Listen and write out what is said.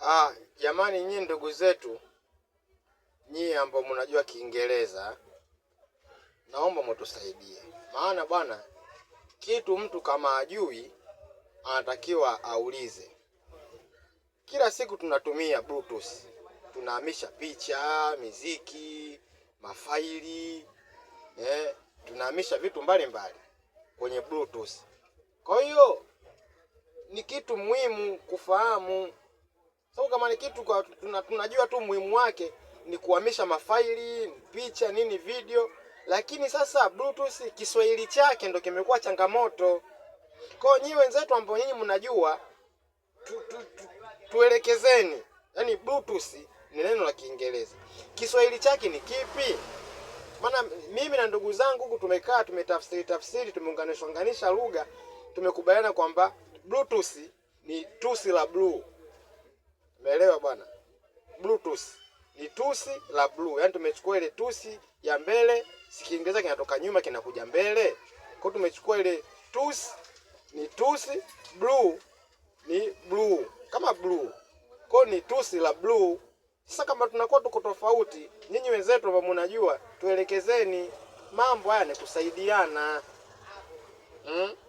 Ah, jamani nyinyi ndugu zetu nyinyi ambao mnajua Kiingereza naomba mtusaidie, maana bwana, kitu mtu kama ajui anatakiwa aulize. Kila siku tunatumia Bluetooth, tunahamisha picha, miziki, mafaili eh, tunahamisha vitu mbalimbali mbali kwenye Bluetooth. Kwa hiyo ni kitu muhimu kufahamu sababu kama ni kitu kwa, tuna, tunajua tu muhimu wake ni kuhamisha mafaili, picha, nini, video, lakini sasa Bluetooth Kiswahili chake ndo kimekuwa changamoto. Kwa nyinyi wenzetu ambao nyinyi mnajua tu, tu, tu, tuelekezeni. Yaani Bluetooth ni neno la Kiingereza. Kiswahili chake ni kipi? Maana mimi na ndugu zangu huku tumekaa tumetafsiri tafsiri tumeunganisha unganisha lugha tumekubaliana kwamba Bluetooth ni tusi la blue. Umeelewa bwana? Bluetooth ni tusi la blue, yaani tumechukua ile tusi ya mbele, sikiingereza kinatoka nyuma kinakuja mbele. Kwa tumechukua ile tusi ni tusi, blue ni blue kama blue, kwa ni tusi la blue. Sasa kama tunakuwa tuko tofauti, nyinyi wenzetu ambao mnajua, tuelekezeni mambo haya ni kusaidiana mm.